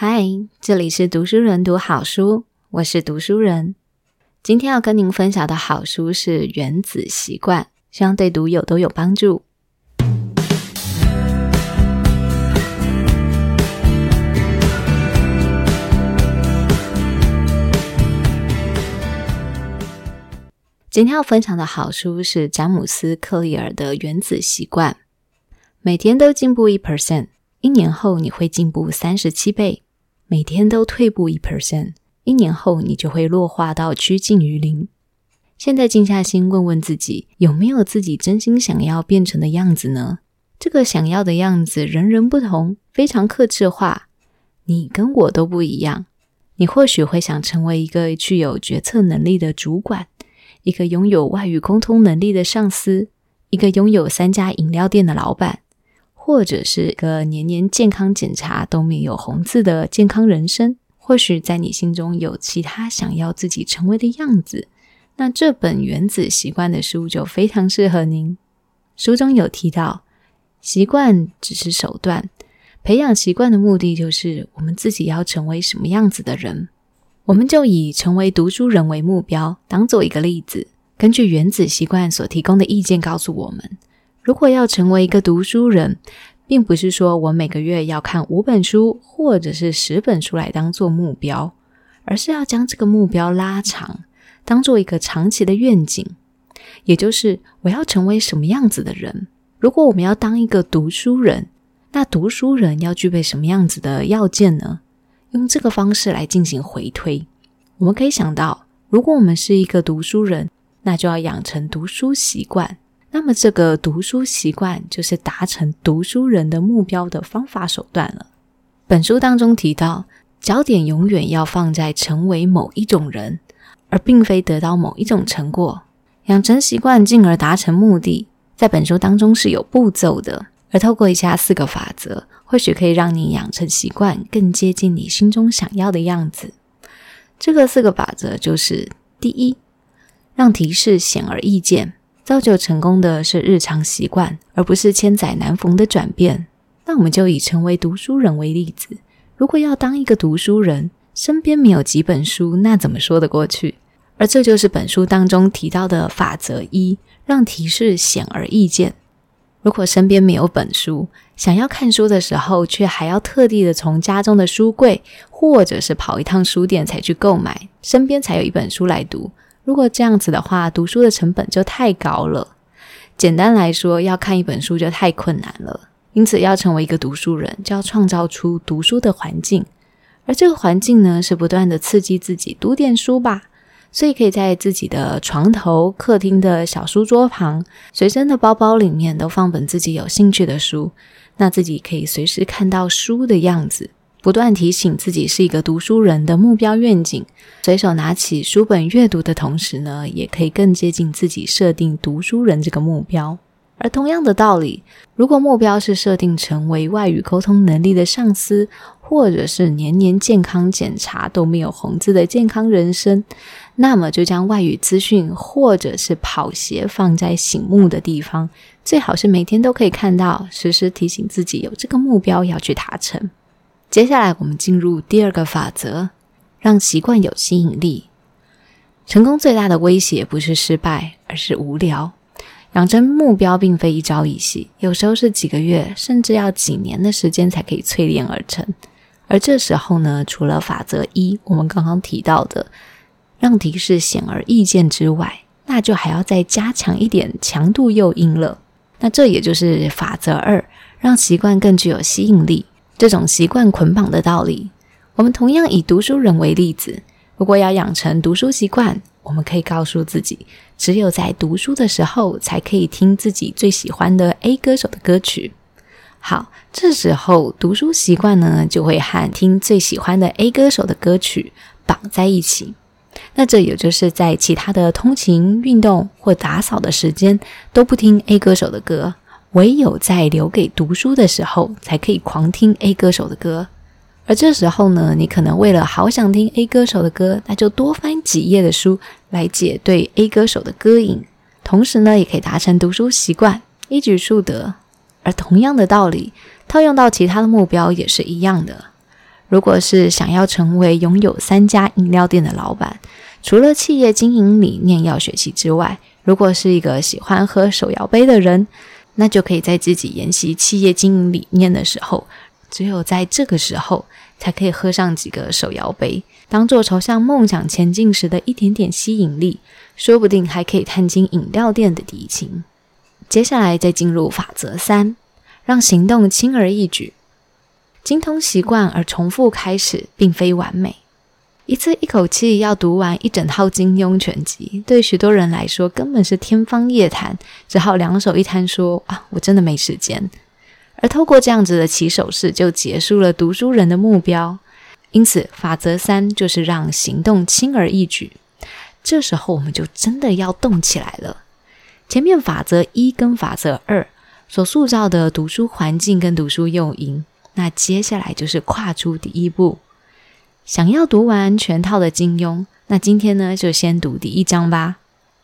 嗨，Hi, 這裡是讀書人讀好書，我是讀書人。今天要跟您分享的好書是《原子習慣》，希望對讀友都有幫助。今天要分享的好書是詹姆斯·克利爾的《原子習慣》，每天都進步一 percent，一年後你會進步三十七倍。每天都退步一 percent，一年後你就會弱化到趨近於零。現在靜下心問問自己，有沒有自己真心想要變成的樣子呢？這個想要的樣子，人人不同，非常客製化。你跟我都不一樣。你或許會想成為一個具有決策能力的主管，一個擁有外語溝通能力的上司，一個擁有三家飲料店的老板。或者是個年年健康檢查都沒有紅字的健康人生，或許在你心中有其他想要自己成為的樣子，那這本《原子習慣》的書就非常適合您。書中有提到，習慣只是手段，培養習慣的目的就是我們自己要成為什麼樣子的人。我們就以成為讀書人為目標，當做一個例子。根據《原子習慣》所提供的意見，告訴我們。如果要成為一個讀書人，並不是說我每個月要看五本書或者是十本書來當做目標，而是要將這個目標拉長，當做一個長期的願景。也就是我要成為什麼樣子的人？如果我們要當一個讀書人，那讀書人要具備什麼樣子的要件呢？用這個方式來進行回推。我們可以想到，如果我們是一個讀書人，那就要養成讀書習慣。那麼，這個讀書習慣就是達成讀書人的目標的方法手段了。本書當中提到，焦點永遠要放在成為某一種人，而並非得到某一種成果。養成習慣，進而達成目的，在本書當中是有步驟的。而透過以下四個法則，或許可以讓你養成習慣，更接近你心中想要的樣子。這個四個法則就是：第一，讓提示顯而易見。造就成功的是日常習慣，而不是千載難逢的轉變。那我們就以成為讀書人為例子。如果要當一個讀書人，身邊沒有幾本書，那怎麼說得過去？而這就是本書當中提到的法則一：讓提示顯而易見。如果身邊沒有本書，想要看書的時候，卻還要特地的從家中的書櫃，或者是跑一趟書店才去購買，身邊才有一本書來讀。如果這樣子的話，讀書的成本就太高了。簡單來說，要看一本書就太困難了。因此，要成為一個讀書人，就要創造出讀書的環境。而這個環境呢，是不斷的刺激自己讀點書吧。所以，可以在自己的床頭、客廳的小書桌旁、隨身的包包裡面都放本自己有興趣的書，那自己可以隨時看到書的樣子。不斷提醒自己是一個讀書人的目標願景，隨手拿起書本閱讀的同時呢，也可以更接近自己設定讀書人這個目標。而同樣的道理，如果目標是設定成為外語溝通能力的上司，或者是年年健康檢查都沒有紅字的健康人生，那麼就將外語資訊或者是跑鞋放在醒目的地方，最好是每天都可以看到，時時提醒自己有這個目標要去達成。接下來，我們進入第二個法則：讓習慣有吸引力。成功最大的威脅不是失敗，而是無聊。養成目標並非一朝一夕，有時候是幾個月，甚至要幾年的時間才可以淬煉而成。而這時候呢，除了法則一我們剛剛提到的讓提示顯而易見之外，那就還要再加強一點強度誘因了。那這也就是法則二：讓習慣更具有吸引力。這種習慣捆綁的道理，我們同樣以讀書人為例子。如果要養成讀書習慣，我們可以告訴自己，只有在讀書的時候才可以聽自己最喜歡的 A 歌手的歌曲。好，這時候讀書習慣呢就會和聽最喜歡的 A 歌手的歌曲綁在一起。那這也就是在其他的通勤、運動或打掃的時間都不聽 A 歌手的歌。唯有在留給讀書的時候，才可以狂聽 A 歌手的歌。而這時候呢，你可能為了好想聽 A 歌手的歌，那就多翻幾頁的書來解對 A 歌手的歌癮。同時呢，也可以達成讀書習慣，一舉數得。而同樣的道理，套用到其他的目標也是一樣的。如果是想要成為擁有三家飲料店的老板，除了企業經營理念要學習之外，如果是一個喜歡喝手搖杯的人，那就可以在自己研習企業經營理念的時候，只有在這個時候，才可以喝上幾個手搖杯，當做朝向夢想前進時的一點點吸引力，說不定還可以探清飲料店的敵情。接下來再進入法則三，讓行動輕而易舉，精通習慣而重複開始，並非完美。一次一口氣要讀完一整套金庸全集，對許多人來說根本是天方夜譚，只好兩手一攤說：“啊，我真的沒時間。”而透過這樣子的起手式，就結束了讀書人的目標。因此，法則三就是讓行動輕而易舉。這時候，我們就真的要動起來了。前面法則一跟法則二所塑造的讀書環境跟讀書誘因，那接下來就是跨出第一步。想要讀完全套的金庸，那今天呢就先讀第一章吧。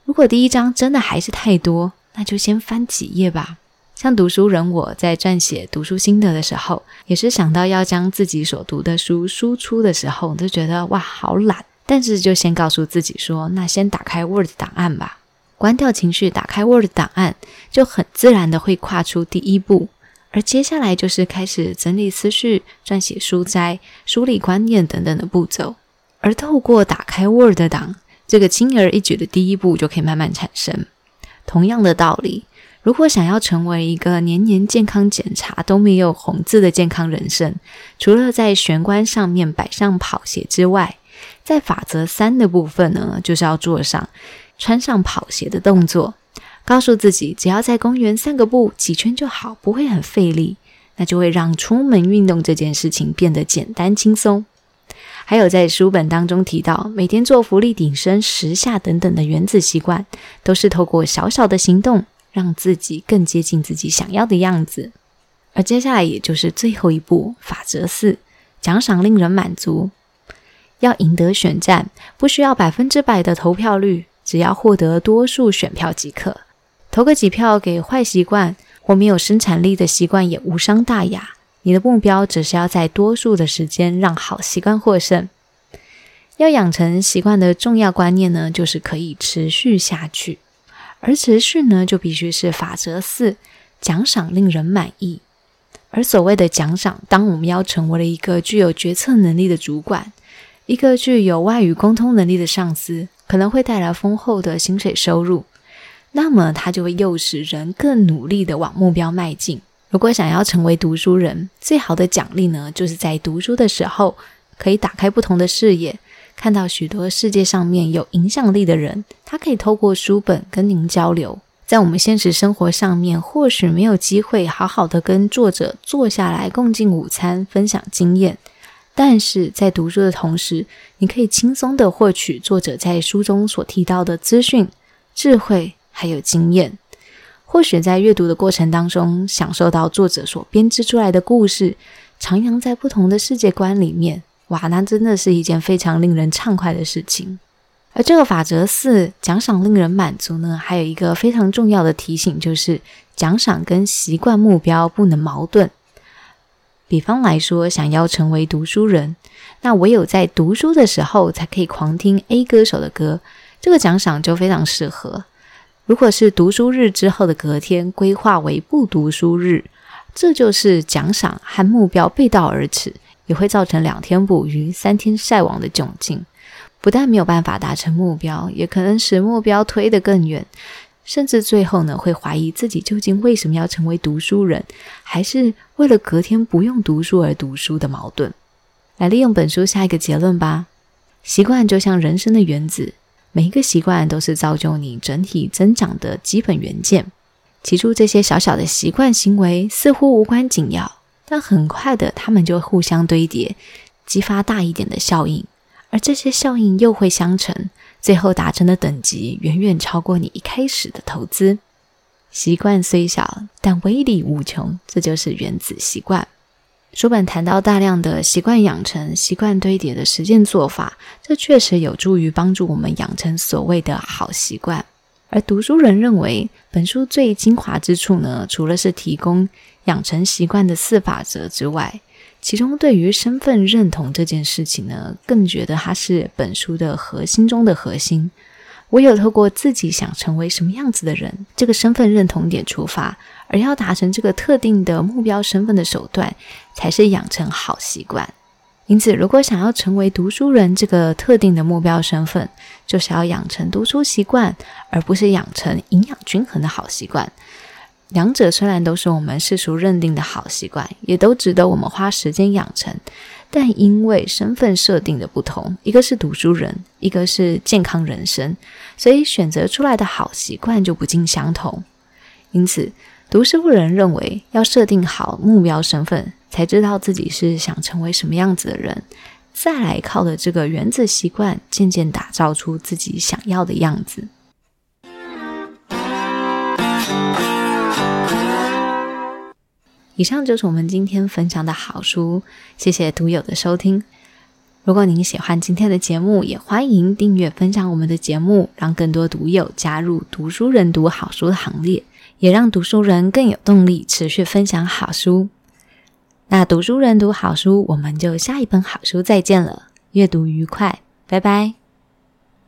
如果第一章真的還是太多，那就先翻幾頁吧。像讀書人，我在撰寫讀書心得的時候，也是想到要將自己所讀的書輸出的時候，我就覺得哇，好懶。但是就先告訴自己說，那先打開 Word 檔案吧，關掉情緒，打開 Word 檔案，就很自然的會跨出第一步。而接下來就是開始整理思緒、撰寫書摘、梳理觀念等等的步驟。而透過打開 Word 檔，這個輕而易舉的第一步就可以慢慢產生。同樣的道理，如果想要成為一個年年健康檢查都沒有紅字的健康人生，除了在玄關上面擺上跑鞋之外，在法則三的部分呢，就是要做上穿上跑鞋的動作。告訴自己，只要在公園散個步幾圈就好，不會很費力，那就會讓出門運動這件事情變得簡單輕鬆。還有在書本當中提到，每天做伏地挺身十下等等的原子習慣，都是透過小小的行動，讓自己更接近自己想要的樣子。而接下來也就是最後一步，法則四：獎賞令人滿足。要贏得選戰，不需要百分之百的投票率，只要獲得多數選票即可。投個幾票給壞習慣，或沒有生產力的習慣也無傷大雅。你的目標只是要在多數的時間讓好習慣獲勝。要養成習慣的重要觀念呢，就是可以持續下去。而持續呢，就必須是法則四：獎賞令人滿意。而所謂的獎賞，當我們要成為了一個具有決策能力的主管，一個具有外語溝通能力的上司，可能會帶來豐厚的薪水收入。那麼，它就會誘使人更努力的往目標邁進。如果想要成為讀書人，最好的獎勵呢，就是在讀書的時候可以打開不同的視野，看到許多世界上面有影響力的人。他可以透過書本跟您交流。在我們現實生活上面，或許沒有機會好好的跟作者坐下來共進午餐，分享經驗，但是在讀書的同時，你可以輕鬆的獲取作者在書中所提到的資訊、智慧。還有經驗，或許在閱讀的過程當中，享受到作者所編織出來的故事，徜徉在不同的世界觀裡面，哇，那真的是一件非常令人暢快的事情。而這個法則四，獎賞令人滿足呢，還有一個非常重要的提醒，就是獎賞跟習慣目標不能矛盾。比方來說，想要成為讀書人，那唯有在讀書的時候才可以狂聽 A 歌手的歌，這個獎賞就非常適合。如果是讀書日之後的隔天規劃為不讀書日，這就是獎賞和目標背道而馳，也會造成兩天捕魚、三天曬網的窘境。不但沒有辦法達成目標，也可能使目標推得更遠，甚至最後呢，會懷疑自己究竟為什麼要成為讀書人，還是為了隔天不用讀書而讀書的矛盾。來利用本書下一個結論吧：習慣就像人生的原子。每一個習慣都是造就你整體增長的基本元件。起初，這些小小的習慣行為似乎無關緊要，但很快的，它們就互相堆疊，激發大一點的效應，而這些效應又會相乘，最後達成的等級遠遠超過你一開始的投資。習慣雖小，但威力無窮，這就是原子習慣。書本談到大量的習慣養成、習慣堆疊的實踐做法，這確實有助於幫助我們養成所謂的好習慣。而讀書人認為，本書最精華之處呢，除了是提供養成習慣的四法則之外，其中對於身份認同這件事情呢，更覺得它是本書的核心中的核心。唯有透過自己想成為什麼樣子的人這個身份認同點出發，而要達成這個特定的目標身份的手段，才是養成好習慣。因此，如果想要成為讀書人這個特定的目標身份，就是要養成讀書習慣，而不是養成營養均衡的好習慣。兩者雖然都是我們世俗認定的好習慣，也都值得我們花時間養成。但因為身份設定的不同，一個是讀書人，一個是健康人生，所以選擇出來的好習慣就不盡相同。因此，讀書人認為要設定好目標身份，才知道自己是想成為什麼樣子的人，再來靠著這個原子習慣，漸漸打造出自己想要的樣子。以上就是我們今天分享的好書，謝謝讀友的收聽。如果您喜歡今天的節目，也歡迎訂閱、分享我們的節目，讓更多讀友加入“讀書人讀好書”的行列，也讓讀書人更有動力持續分享好書。那“讀書人讀好書”，我們就下一本好書再見了，閱讀愉快，拜拜。